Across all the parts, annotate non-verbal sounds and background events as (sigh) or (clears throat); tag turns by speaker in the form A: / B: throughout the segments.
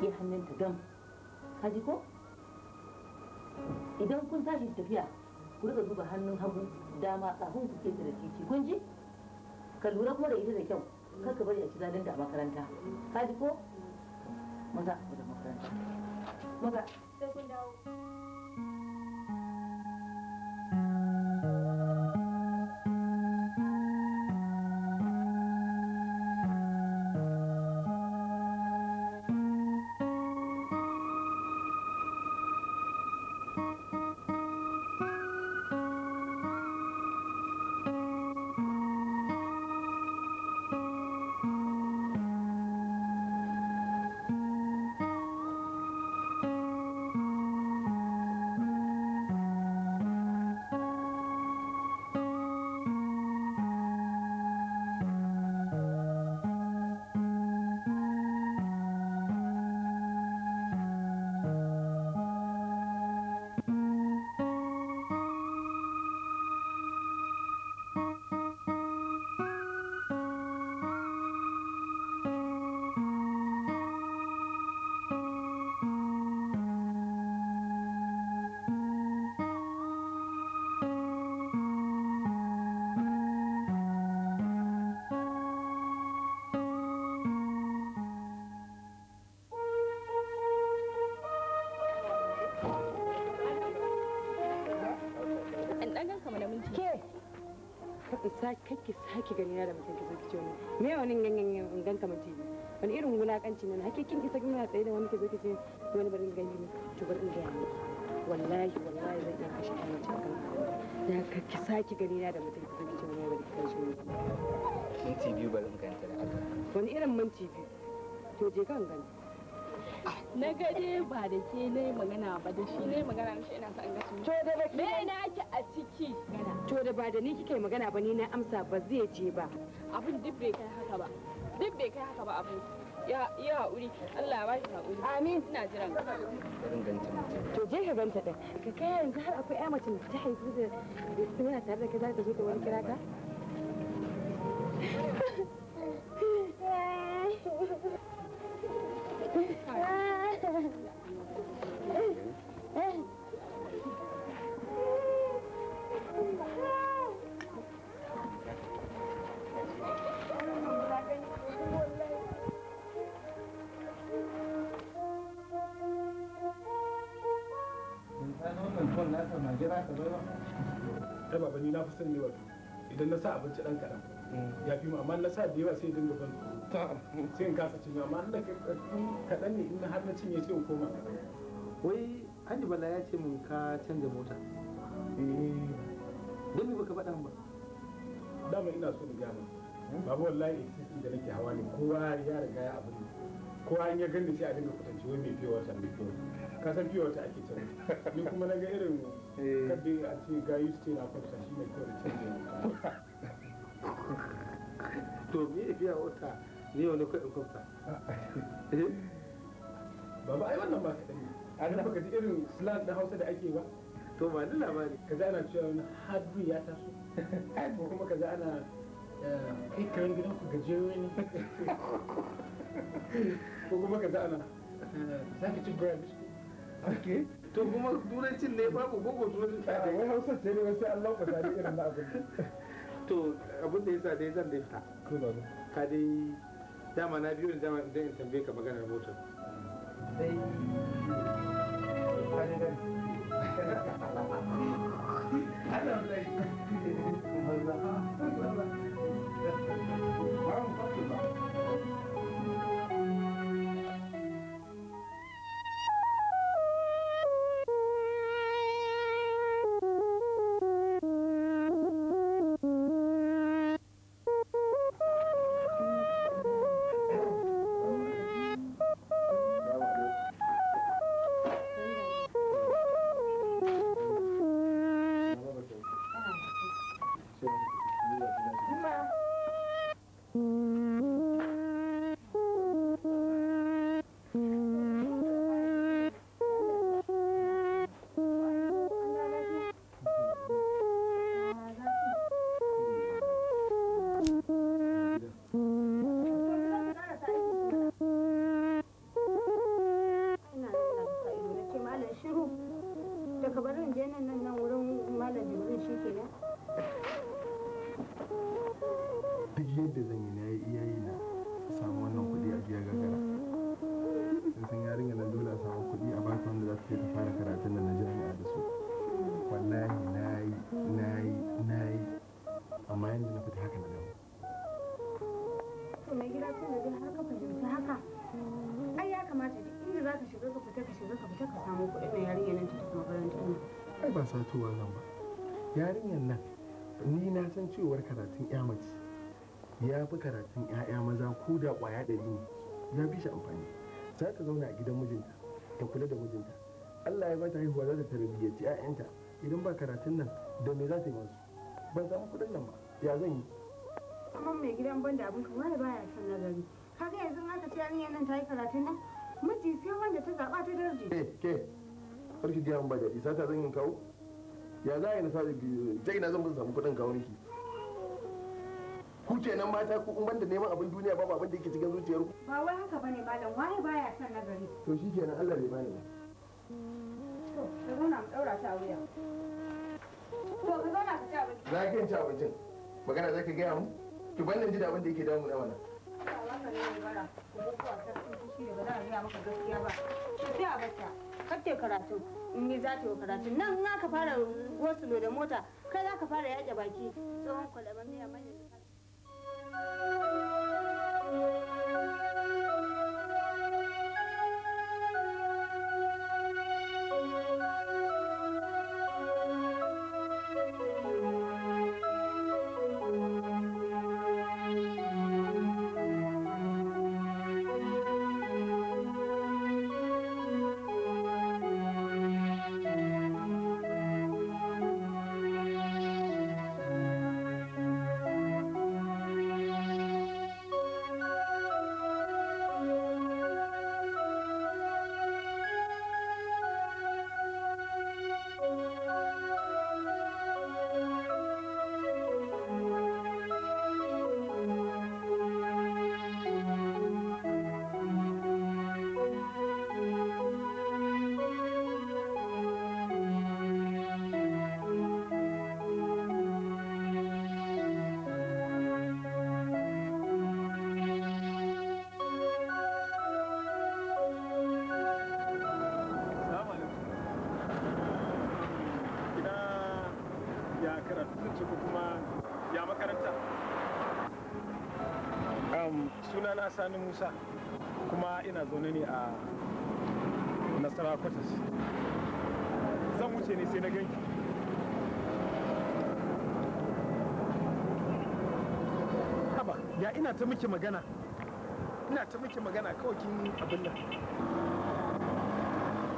A: rike hannunta don kaji ko idan kun tashi tafiya ku rika duba hannun hagu dama kafin ku keta da titi kun ji ka lura kuma da ita da kyau kar ka bari a ci zalin da a makaranta kaji
B: ko maza ku da makaranta maza sai kun dawo
A: sake sake gani na da mutum ki zo ki me wani gangan in ganka mace wani irin wulakanci ne hake kin ki saki tsaye da wani ki zo ki wani bari in gani to bari in gani wallahi wallahi zan iya kashe kan mace kan da ka ki sake gani na da mutum ki zo ki ce bari ki kashe ni minti biyu bari in ganta wani irin minti biyu to je kan gani na gade ba da ke na magana ba da shi na magana shi ina sa an gasu me na to da ba da ni kike magana ba ni na amsa ba zai je ba abin duk bai kai haka ba duk bai kai haka ba abu ya ya haƙuri Allah ba shi haƙuri amin ina jiran ka to je ka ganta din ka kai yanzu har akwai ƴa mace ta haifi da suna tare da kai za ta zo ka wani kira ka
B: Ah! (laughs)
C: ai baba ni na fi son yi idan na sa abinci ɗan kaɗan ya fi amma na sa da yawa sai dinga ban sai in kasa cinye amma na kaɗan ne in har na cinye sai in koma wai hajji bala ya ce mun ka canza mota eh. don me baka faɗa ba dama ina so in gaya ma babu wallahi existing da nake hawa ne kowa ya riga ya abin kowa in ya gani sai a dinga kwatance wai mai fiye wata mai fiye ka san biyo ta ake canza ni kuma na ga irin eh. kadai a ce gayu ce na kwanta shi ne kawai canza to me biya wata ne wani kuɗin kwanta eh? baba ai wannan ba kaɗai a ga ka ji irin slang na hausa da ake ba to ba ni labari za ana cewa wani hadu ya taso ko kuma za ana kai karen gidan ku gajewe ne ko kuma ka za ana you eh, to (laughs) bread ok to kuma turancin ne babu gogo turancin eh, wai hausa ce ne sai Allah ku tare irin na abin (laughs) to abin da yasa dai zan dai ka dai dama na biyo dama in tambaye ka maganar motar dai ka dai (laughs) cewar karatun ya mace ya fi karatun 'ya'ya maza ko da kwaya ɗari ne ya fi shi amfani za ta zauna a gidan mijinta ta kula da mijinta allah ya bata haihuwa za ta tarbiyyaci 'ya'yanta idan ba karatun nan da me za ta yi masu ban samu kudin nan ba ya zan yi
A: amma mai gidan ban da abin kamar ya son nazari kaga yanzu haka ce yarinyar nan ta yi karatun nan miji sai wanda ta zaɓa ta darje eh,
C: ke ke sarki gaya ba daɗi sata zan yi kawo ya za a yi na sa jai na zan samu kudin kawo niki ku kenan mata ku in banda neman abin duniya babu abin da yake cikin zuciyar ku
A: ba wai haka bane malam waye baya son nagari
C: to shikenan Allah bai bani ba
A: to ka zauna mu daura ta wuya to ka zauna ka ci abinci
C: za ka ci abincin magana za ka gaya mu ki banda ji da abin da yake damu na wannan
A: kafte karatu in yi za ta yi karatu nan na ka fara wasu da mota kai za ka fara yaƙe baki
B: tsohon a mai Thank you.
C: sani musa kuma ina zaune ne a nasara kwatas zan wuce ne sai na ganki haba ya ina ta miki magana ina ta miki magana kawai kin abin nan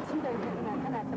A: tun da ina kana ta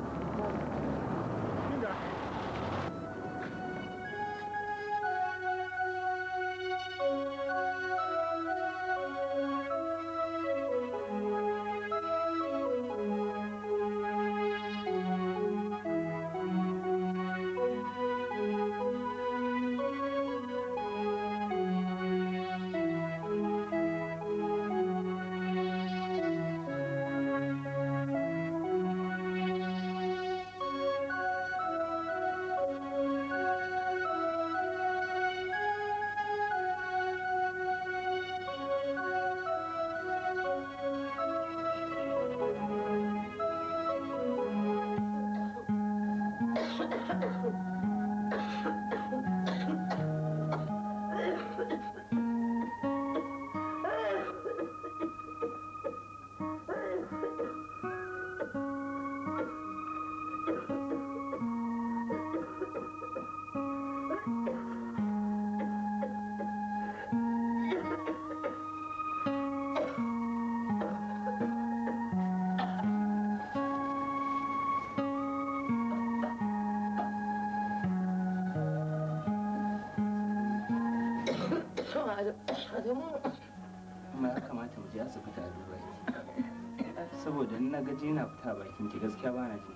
A: gaji yana fita a bakin ki gaskiya ba na jin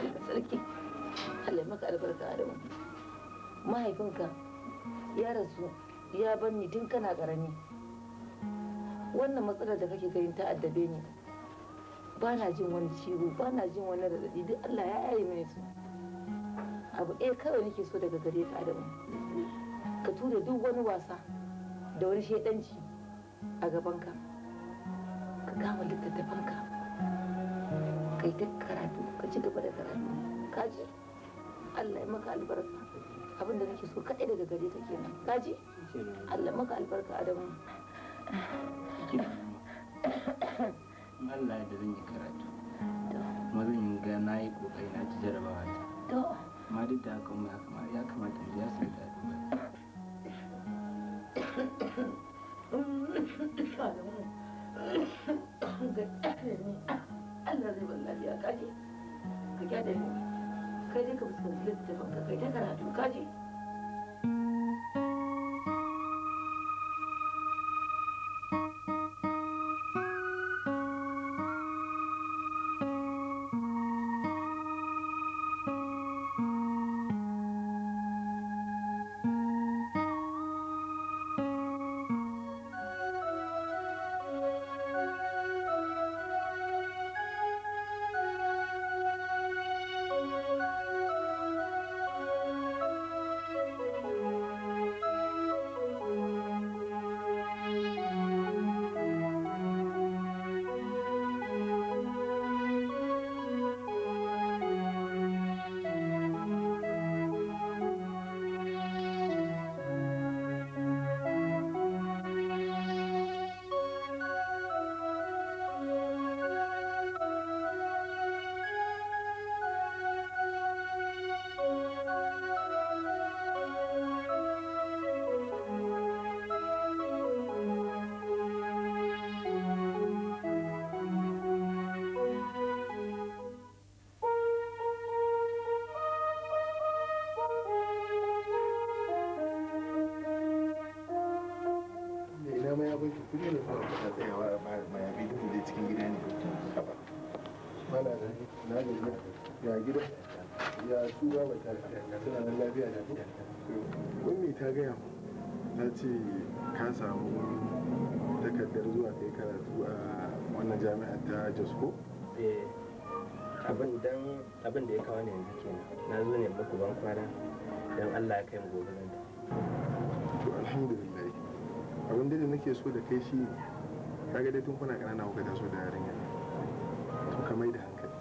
A: daɗi. sarki, Allah maka albarka da wani. Mahaifinka ya rasu ya bar ni tun kana ƙarami. Wannan matsalar da kake gani ta addabe ni. Ba na jin wani ciwo, ba na jin wani raɗaɗi, duk Allah ya yaye mini su. Abu ɗaya kawai nake so daga gare ka Adamu. Ka tura duk wani wasa da wani shaidanci a gabanka. Ka kama littattafanka. kai duk karatu ka ci gaba da karatu ka ji Allah ya maka albarka abinda nake so kaɗai daga gare ka kenan ka ji Allah maka albarka Adamu
C: Allah da zan yi karatu kuma zan yi ga na yi kokari na ci jarabawa ta ma duk da haka ya kamata ya kamata ya san daɗi
A: 回だけこつかってるって、ほんと、だから、昔、
C: ki da ta cikin gida ya lafiya da wani ta gaya mu ce ka samu takardar zuwa kai karatu a wannan jami'ar ta jasko abin dan da ya kawo ne yanzu kenan na zo ne muku ban kwana don allah ya kai mu gobe nan abin da nake so da kai shi kaga dai tun kuna ƙanana kuka taso da yarinya to ka mai da hankali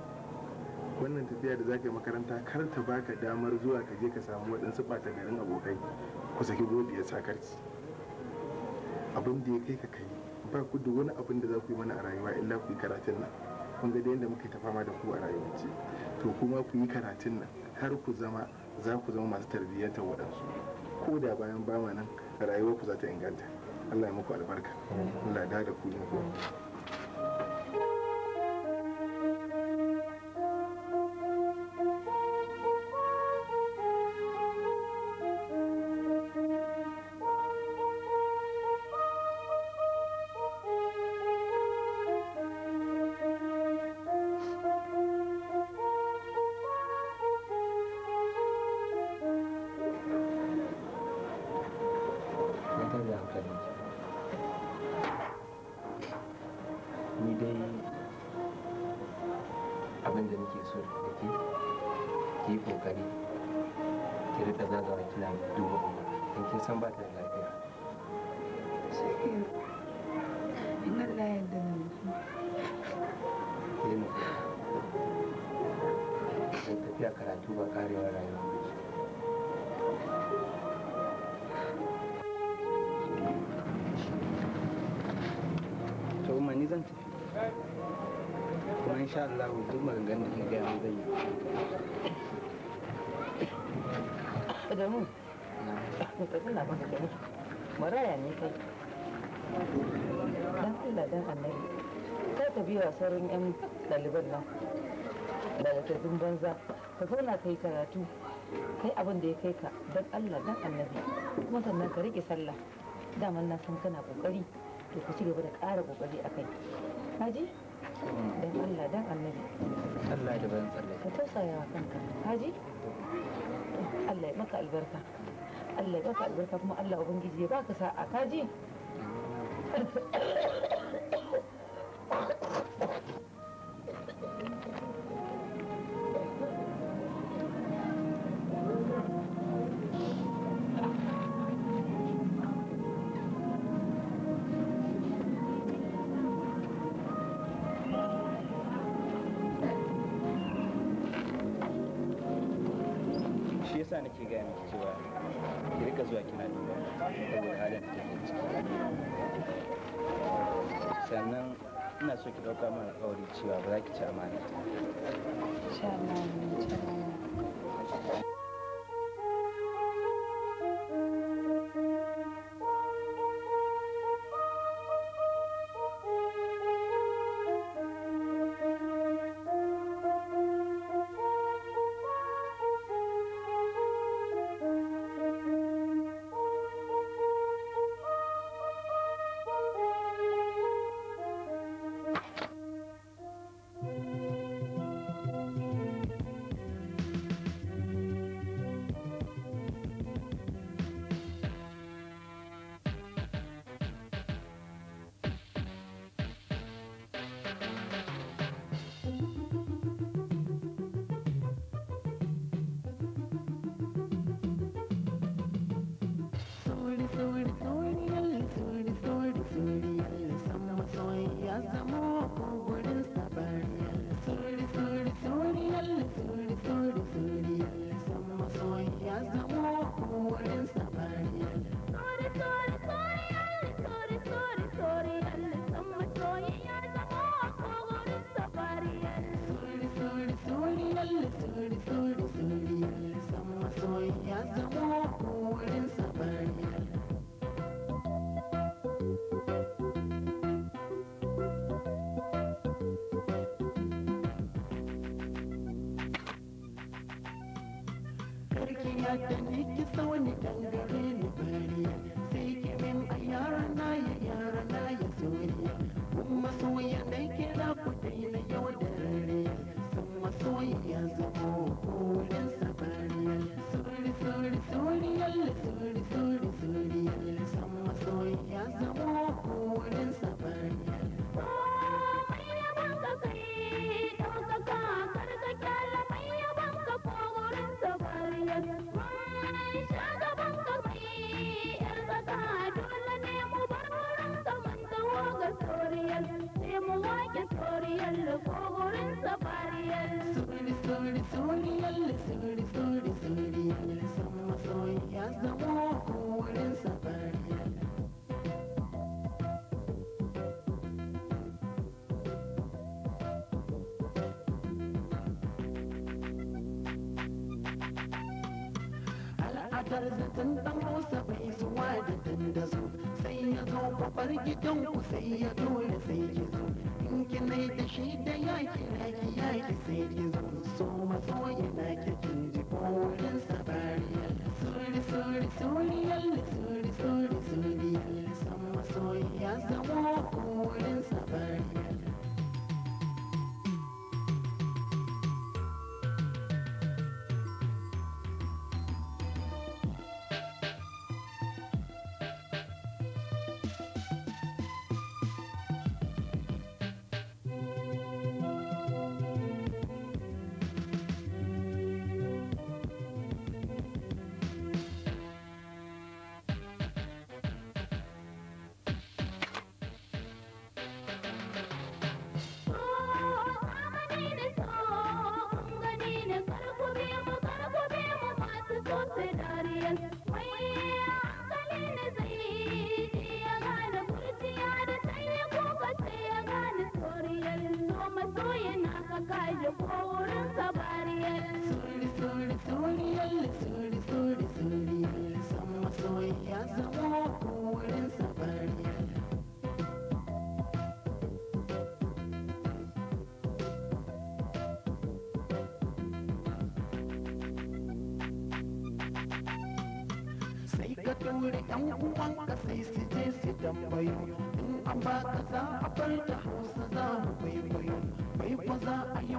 C: wannan tafiya da za ka yi makaranta kar ta baka damar zuwa ka je ka samu waɗansu ɓata garin abokai ku saki gobe ya sa karci abin da ya kai ka kai ba ku da wani abin da za ku yi mana a rayuwa illa ku yi karatun nan kun ga da yadda muka yi ta fama da ku a rayuwance to kuma ku yi karatun nan har ku zama za ku zama masu tarbiyyantar waɗansu ko da bayan bama nan rayuwar ku za ta inganta Allah ya muku albarka Allah ya dada ku ne
A: biya sauran 'yan ɗaliban nan daga tafin banza ka zauna ka yi karatu kai abin da ya kai ka don allah don annabi kuma sannan ka rike sallah daman nan san kana kokari to ka ci gaba da ƙara kokari a kai haji don allah don annabi
C: allah da bayan tsalle
A: ka tausaya wa kanka haji allah ya maka albarka allah ya maka albarka kuma allah ubangiji ya baka sa'a kaji
C: nake gaya cewa ki rika zuwa kina duba saboda halin da take ciki
D: sannan ina so ki dauka mana alƙawari cewa ba za ki ci amana ta da ni ki so ni dangare ni bari sai ki min a na ya yara na ya soyayya kuma soyayya dai kira ku daina yau da rariya sun masoyi ya zamo kasar da tun dan musa bai zuwa da dandazo sai ya zo kwakwar gidanku sai ya zo daji ko sai ka yan uwanka sai je su tambayo in a bar da hausa za mu kwaikwayo mai maza a yi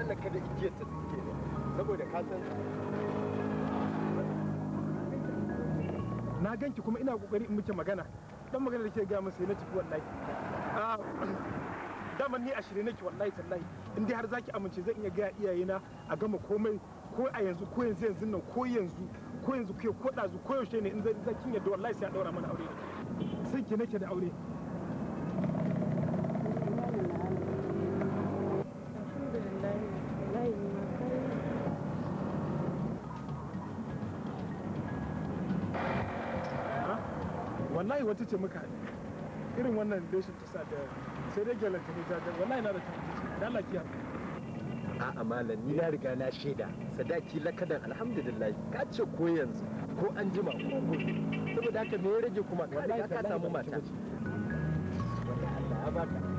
C: tsallaka da igiyar ta suke ne saboda ka san na ganki kuma ina kokari in muke magana dan magana da ke ga musu na tafi wallahi a ah, (clears throat) daman ni a shirye nake wallahi tallahi in dai har zaki amince zan iya ga iyayena a gama komai ko a yanzu ko yanzu yanzu nan ko yanzu ko yanzu ko ko dazu ko yaushe ne in zaki yadda wallahi sai a daura mana aure sai ki nake da aure wallahi wata ce muka haɗe irin wannan leshin ta sa da sai dai gyalar ta ne ta wallahi na da ta ce da lafiya a malam ni na riga na shaida sadaki lakadan alhamdulillah ka ce ko yanzu ko an jima ko gobe saboda haka me ya rage kuma ka ka samu mata wallahi Allah ya baka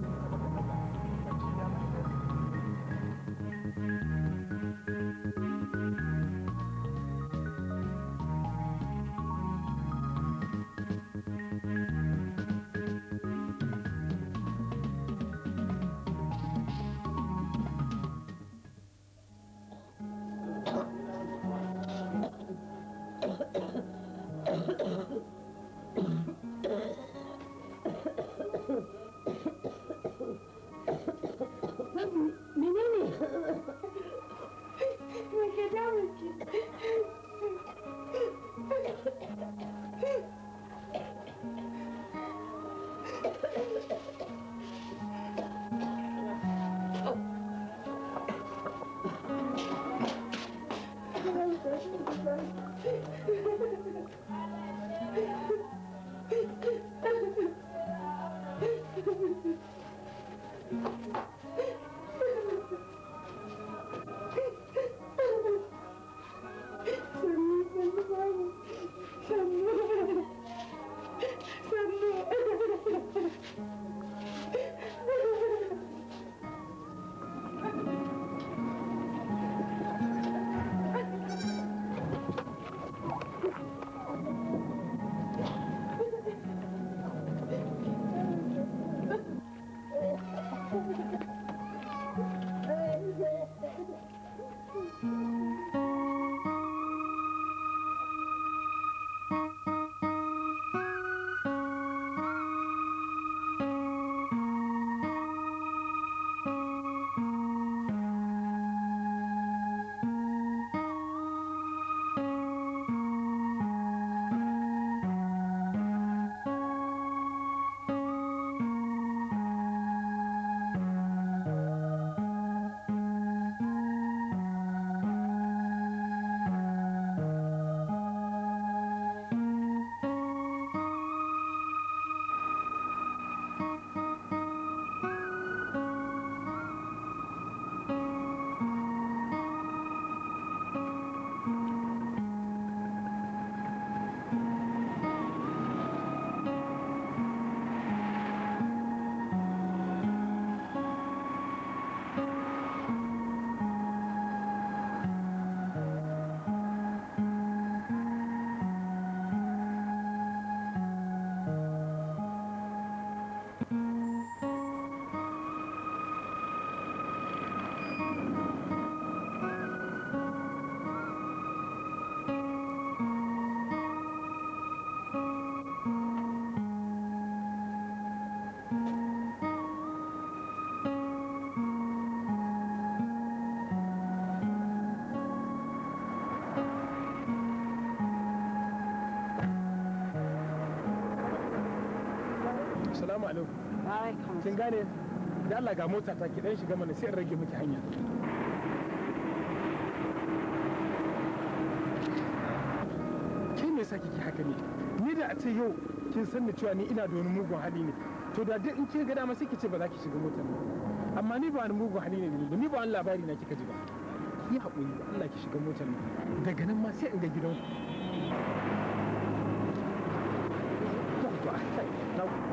C: salamu alaikum alaikum kin gane da Allah ga mota ta kidan shiga mana sai in rage miki hanya ke me yasa kike haka ne ni da a ce yau kin san ni cewa ni ina da wani mugun hali ne to da duk in kin ga dama sai ki ce ba za ki shiga motar ba amma ni ba wani mugun hali ne da ni ba wani labari na kika ji ba ki haƙuri Allah ki shiga motar nan daga nan ma sai in ga gidanku Thank you.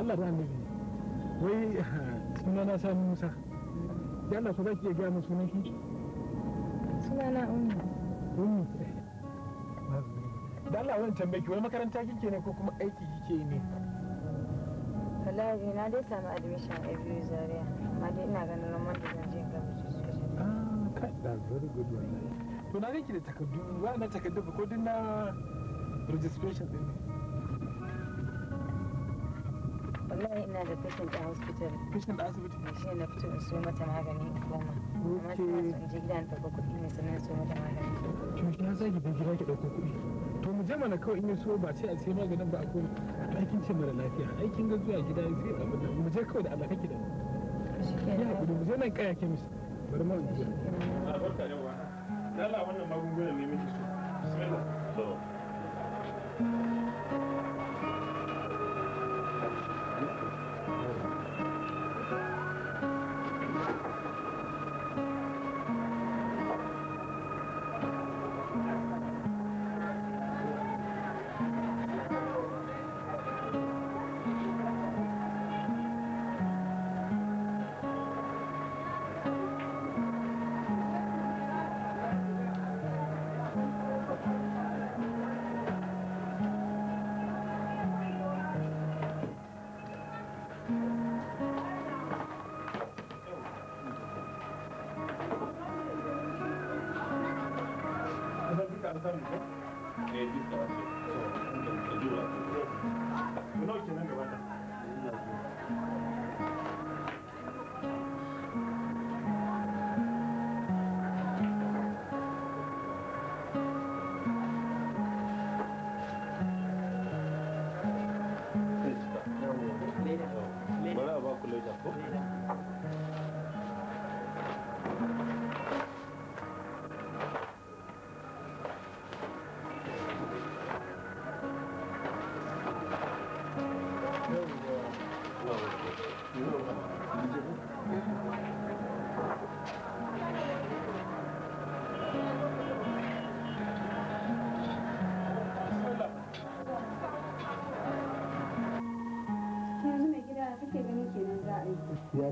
C: Allah da annabi wai suna na sami musa ya Allah ko za ki iya gaya mu sunan
B: suna na umu
C: umu da Allah wani tambaye ki wai makaranta kike ne ko kuma aiki kike ne
E: wallahi na dai samu admission a biyu zaria amma dai ina ganin lamar da zan je gaba sosai
C: ah kai da very good to na ga ki da takardu wa na takardu ko din na registration din ne
A: wallahi ina da patient a hospital patient a asibiti shi na fito in so mata magani in koma
E: amma gida in ɗauko kuɗi
C: ne ya za ki bi gida kuɗi to mu je mana kawai in ya so ba sai a sai maganin ba a ko aikin ce mara lafiya aikin ga zuwa gida sai a bada mu je kawai da Allah da mu ya hakuri mu je nan kaya kemis bari mu a barka da wa Allah wannan magungunan ne miki so bismillah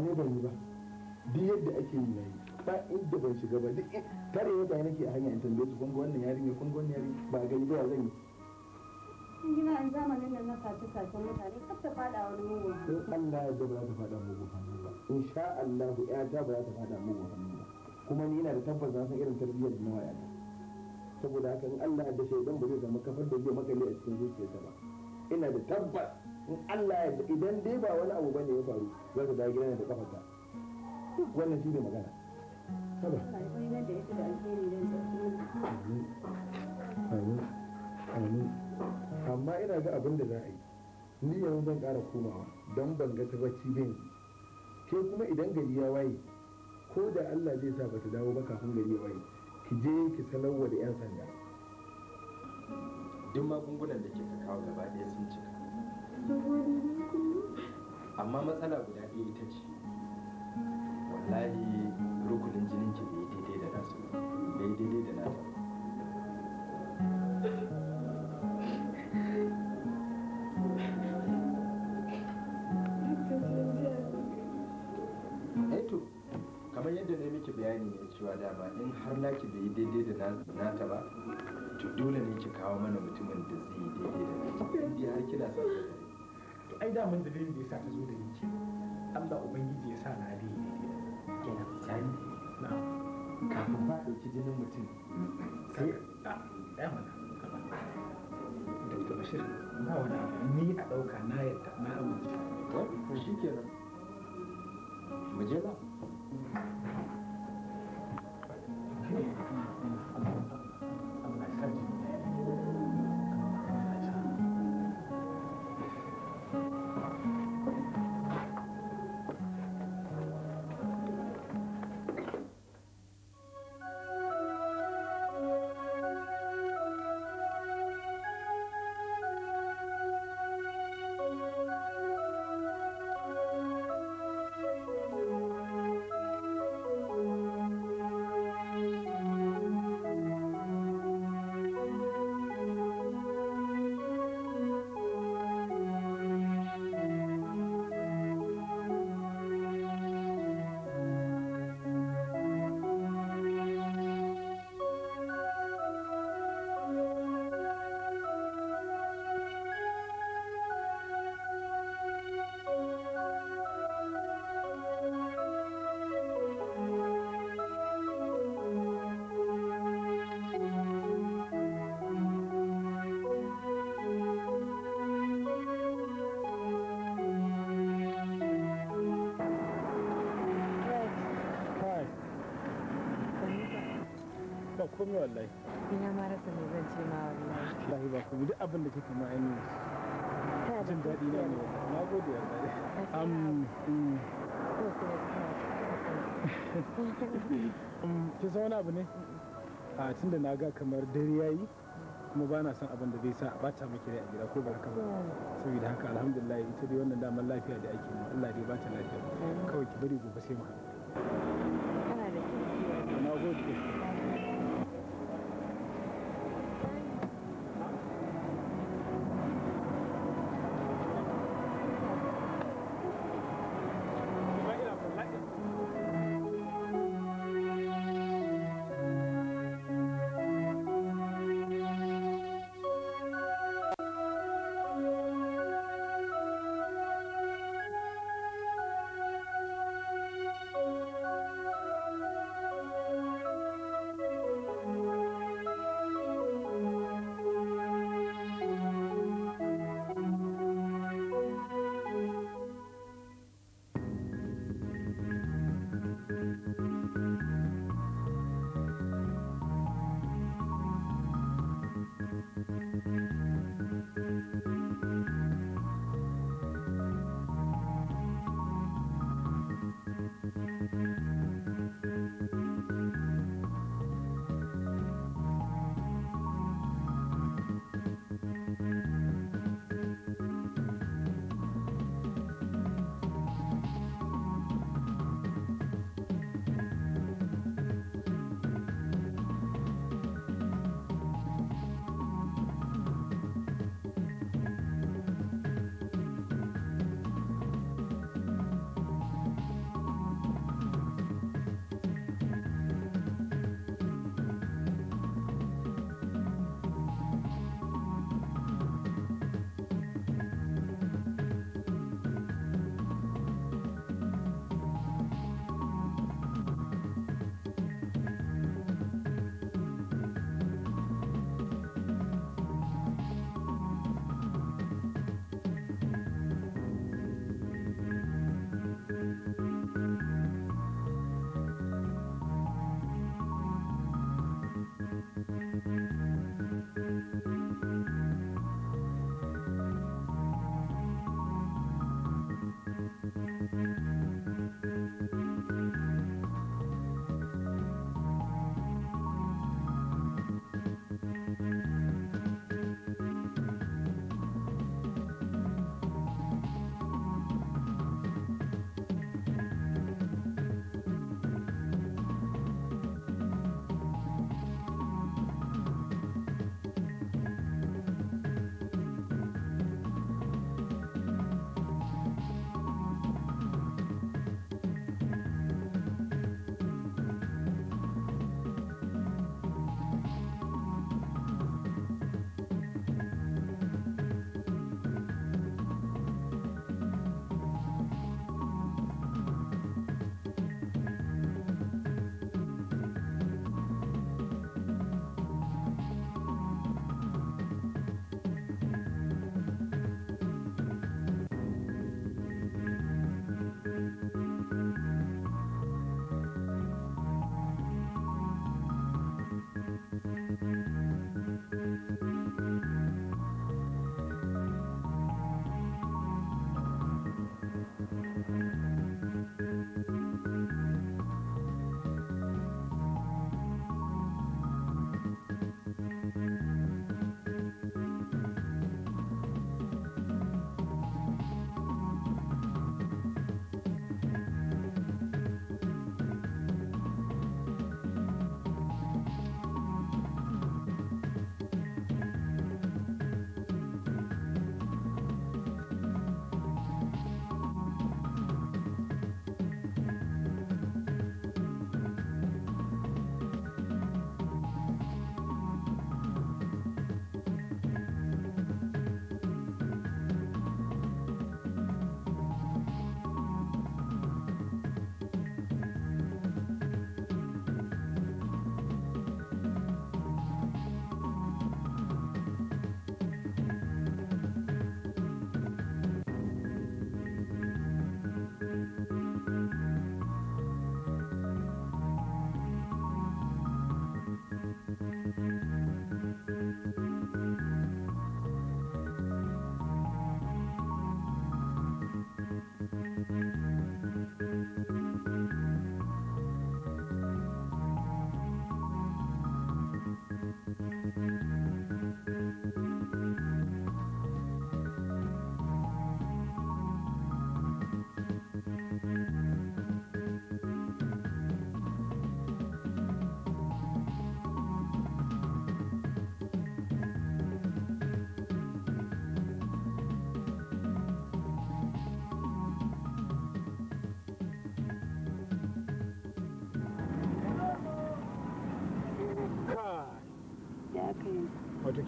C: ne ban yi ba duk yadda ake yi na yi ba inda ban shiga ba duk tare yadda nake a hanya in tambaye su kun ga wannan yarinya ne ga wannan yarinya ba gani ba zan yi
A: cikin gina an zamanin nan na sace-sacen mutane kar ta fada
D: wani mugun hannu.
C: Allah ya ba ta fada mugun hannu ba. In sha Allah ya ta ba za ta fada mugun hannu ba. Kuma ni ina da tabbas na san irin tarbiyyar da nawa ta. Saboda haka in Allah ya da shaidan ba zai zama kafar da zai makale a cikin zuciyarta ba. Ina da tabbas in Allah ya idan dai ba wani abu bane ya faru za ka dawo gidan da ta wannan shi ne magana saba amma ina ga abin da za a yi ni yanzu zan kara komawa don ban ga tabbaci da ke kuma idan gari ya waye ko da Allah zai sa ba ta dawo ba kafin gari ya waye ki je ki sanarwa da 'yan sanda duk magungunan da ta kawo gaba ɗaya sun cika amma matsala guda ɗaya ita ce wallahi rukunin jinin ki bai daidai da nasu bai daidai da nata eto eh kamar yadda na miki bayani ne cewa dama in har naki bai daidai da nata ba to dole ne ki kawo mana mutumin da zai daidai da nata in har kina son ai da mun dalilin da ya sa ta zo da ni ke Allah ubangiji ya sa na dai kenan jani na kafin ba dauki jinin mutum sai a ɗaya mana Dr. Bashir ba wani ni a ɗauka na yadda na amince to shi kenan mu je ba komai
B: wallahi na
C: abu ne a tun da na ga kamar dare yayi kuma ba na son abin da zai sa a bata miki rai a gida ko ba ba mm. saboda haka alhamdulillah ita dai wannan damar lafiya da ake yi Allah dai bata lafiya kawai ki bari gobe sai mu haɗu
B: kana da na gode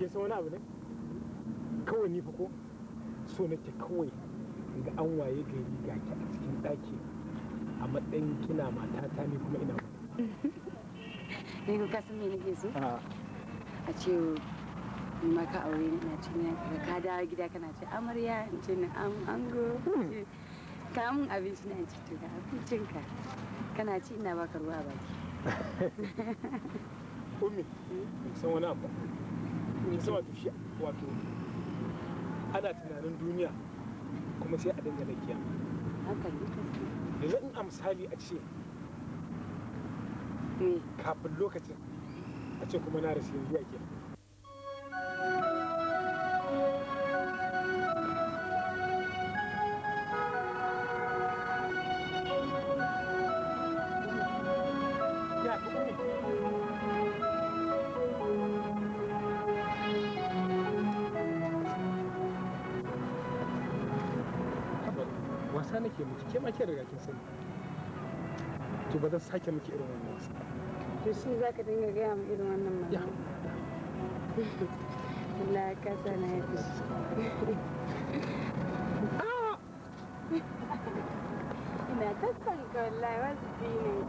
C: ke san wani abu ne kawai ni fa ko so nake kawai ga an waye gari ga ki a cikin daki a matsayin kina matata ne kuma ina
A: (laughs) ne ko kasan me nake so
C: a ce
A: ni ma ka aure ni ina ne ka dawo gida kana ce amarya in ce na am ango hmm. ka mun abinci na ci to ga ka kana ci ina baka ruwa baki
C: (laughs) ummi san wani abu yanzu wato wato ana tunanin duniya kuma sai a dangana kiyama
A: yanzu
C: in a misali a ce kafin lokacin a ce kuma na rasu yanzu a kiyama sake miki ke ma ke riga kin sani to ba zan sake miki irin wannan wasa
A: to shi za ka dinga gaya mu irin wannan ma
E: Allah ka sana ya fi ah! ina ta son ka wallahi wasu ne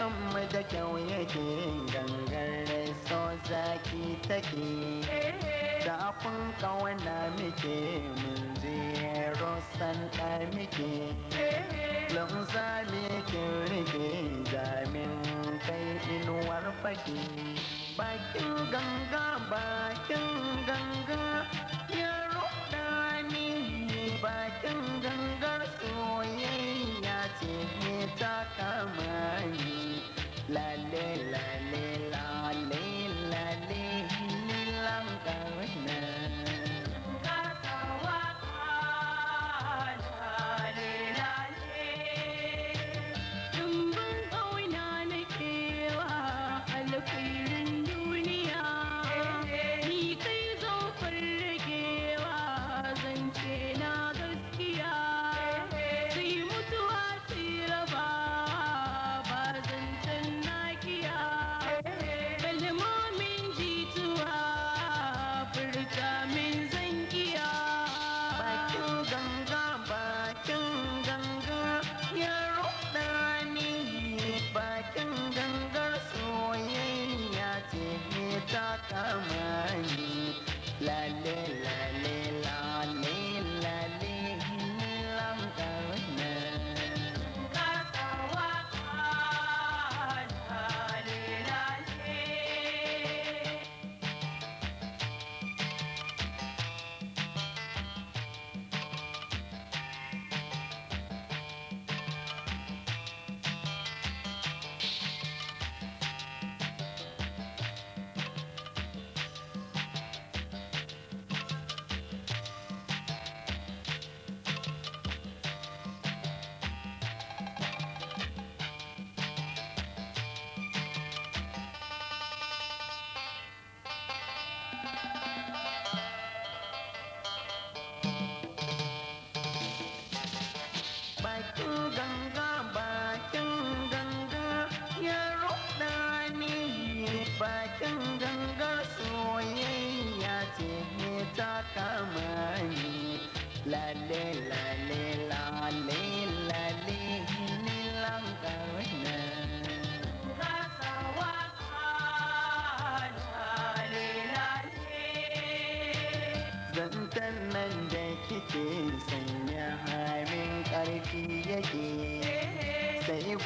D: mu da kyau yake gangar so zaki take zafin kawana muke mun zero sanda muke lanzami ke rike zamin kai inuwar fage bakin ganga bakin ganga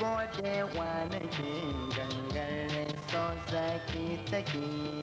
D: gode wa nake gangan so zaki take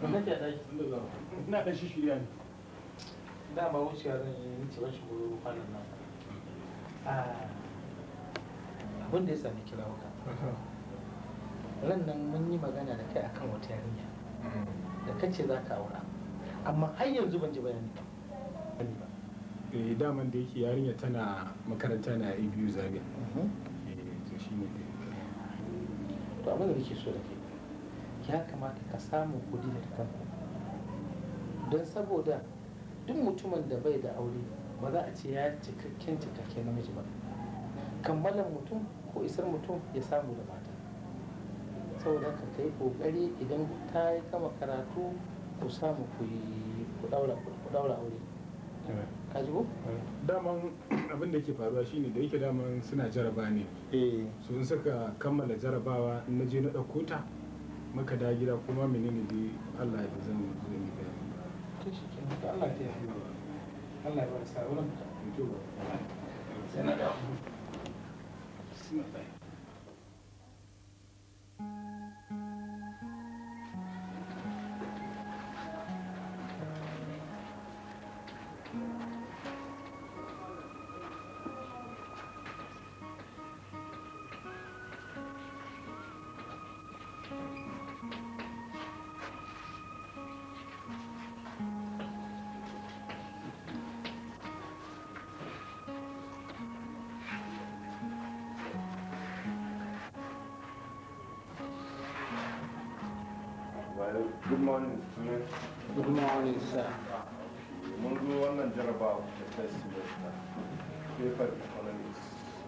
C: dama ah, abin da mun yi magana da kai akan wata yarinya da kace za ka aura amma har yanzu ban ji bayani ba eh daman yake yarinya tana makaranta na a biyu mhm. eh to shi to amma da nake so da kai ya kamata ka samu kudi da kanku don saboda duk mutumin da bai da aure ba za a ce ya cikakken cikakke namiji ba kammalan mutum ko isar mutum ya samu da mata saboda ka kai kokari idan ta yi gama karatu ku samu ku yi ku daura aure kajibu? daman abin da ke faruwa shine da yake daman suna jaraba ne eh. sun suka kammala jarabawa na je na ɗauko ta muka da gida kuma menene dai Allah ya zan zo ne ga Allah ya yi Allah ya ba sa wurin ba sai da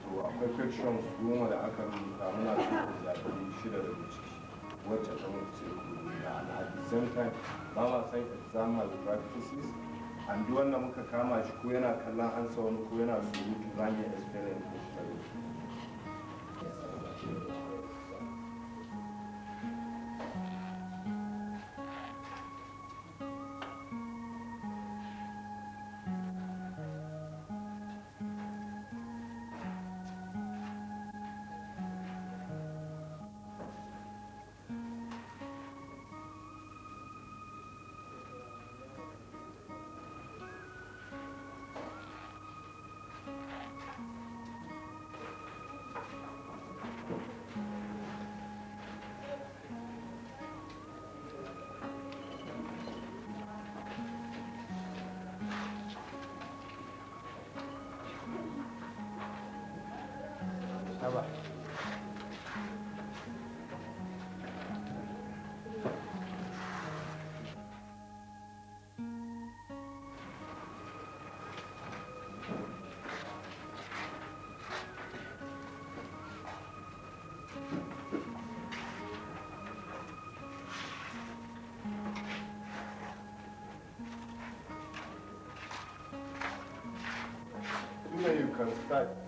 C: to akwai fictions goma da aka rubuta muna so ku zaɓi shida daga ciki wacce ta wuce da same time ba ma san exam malpractices and duk wanda muka kama shi ko yana kallon ansa wani ko yana surutu za mu experience Skype.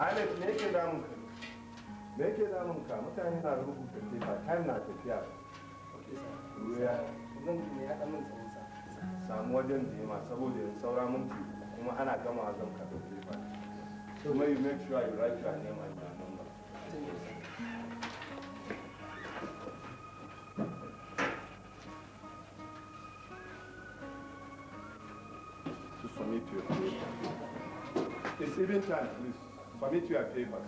C: Alex me yake damun ka? Me yake damun ka? Mutane na rubuta tefa time na tafiya. Ruya zan ne ya Samu wajen da saboda yanzu saura minti kuma ana gama zan da So may you make sure you write your name and your number. I need as payé parce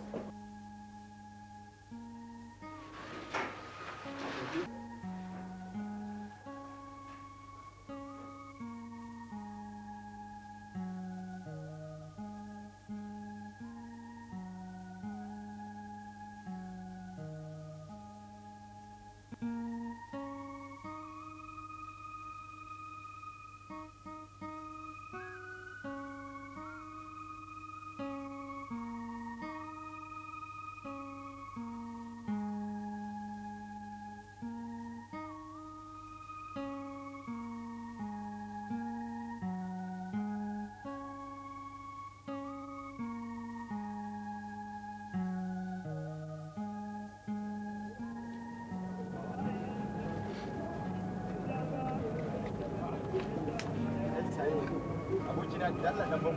C: abokina da Allah ban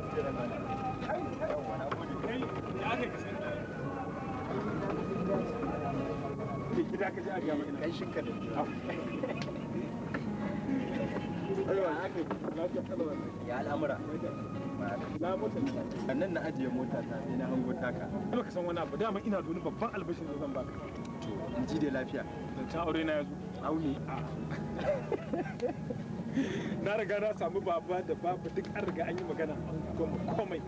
C: kai na kai ya ka san da gida ka ji a ga kai shinka da aiwa kalwa ya al'amura na nan na ajiye mota ta na hango taka ba ka san wani abu dama ina da wani babban albashin da zan baka to in ji da lafiya ta aure na yazo aure a (laughs) na riga na samu baba da baba duk an riga an yi magana kuma komai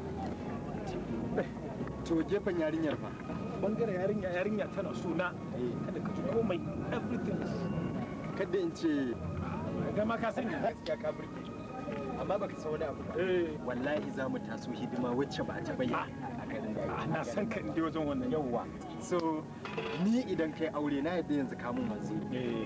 C: to gefen yarinyar fa bangare yarinya yarinya tana na eh. kada ka ji komai everything kada in ce ga ma ka sani gaskiya ka burge amma baka san wani abu ba eh. wallahi za mu taso hidima wacce ba ta bayyana ah. a garin da ah, na san ka inda wajen wannan yawwa so ni idan kai aure na yadda yanzu kamun manzo eh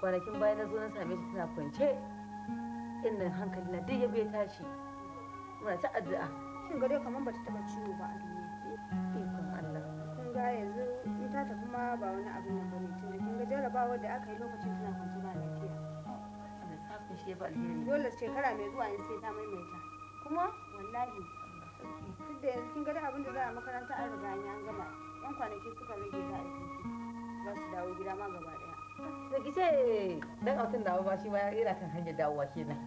A: kwanakin baya na zo na same shi tana kwance inda hankali na duk ya bai tashi muna ta addu'a shin dai kamar bata taba ciwo ba a duniya ikon Allah kun ga yanzu ita ta kuma ba wani abin nan bane tunda kin ga jarabawa da aka yi lokacin tana kwance ba lafiya Allah shi ya ba alheri dole shekara mai zuwa in sai ta maimaita kuma wallahi duk da yanzu kin ga abin da za a makaranta an riga an gama yan kwanaki suka rage ta a yi ba su dawo gida ma gaba ɗaya da ki ce dan autan da ba shi ma yana kan hanyar dawowa kenan.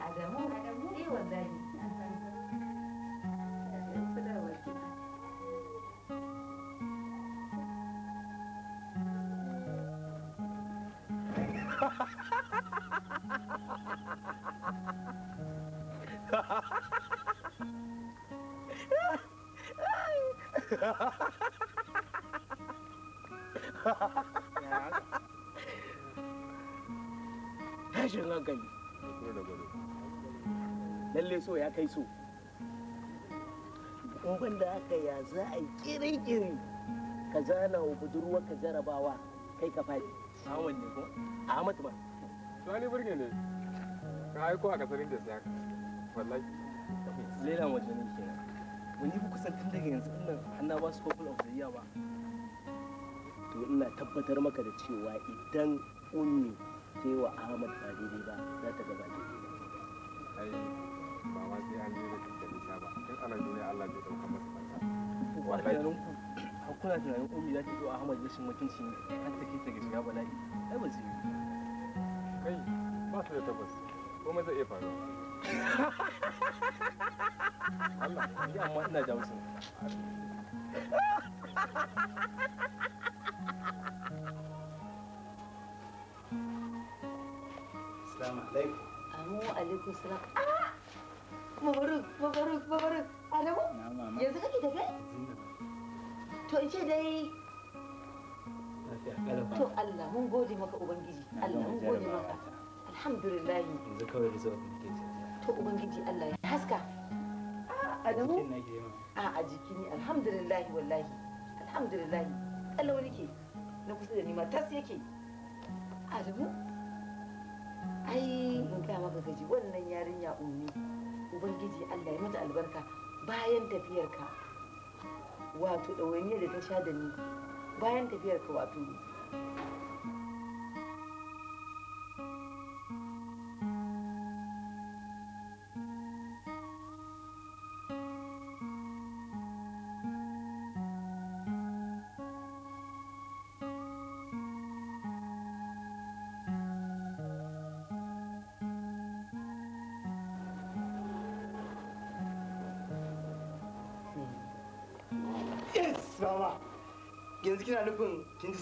A: Adamu, eh wallahi.
C: ne so ya kai so in da aka ya za a yi kiri-kiri ka zana wa budurwa ka jarabawa kai ka fadi sawan ne ko a ba su sani burge ne ka haiku a kasarin da siya wallahi lela waje ne kenan wani ba kusan tun daga yanzu nan hannu ba su kofin ofiriya ba to ina tabbatar maka da cewa idan ummi ke wa ahmad ba daidai ba za ta gaba daidai ba sai an je da nisa ba tun ana Allah zai dauka masa kansa tunanin za ta zo Ahmad rashin mutunci ta ai ba zai kai ba su da tabbas komai zai iya Allah amma ina ja musu
B: Assalamu
A: alaikum. alaikum salam. mubaruk mubaruk mubaruk adamu yanzu kake da kai to in ce dai to Allah mun gode maka ubangiji Allah mun gode maka alhamdulillah to ubangiji Allah ya haska adamu a a jiki ne alhamdulillah wallahi alhamdulillah Allah nake na kusa da ni ma tas yake adamu ai maka gaji wannan yarinya ummi ubangiji allah ya mata albarka bayan tafiyarka wato ɗawainiyar da ta sha da ni bayan tafiyarka wato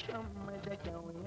D: sham da kyawai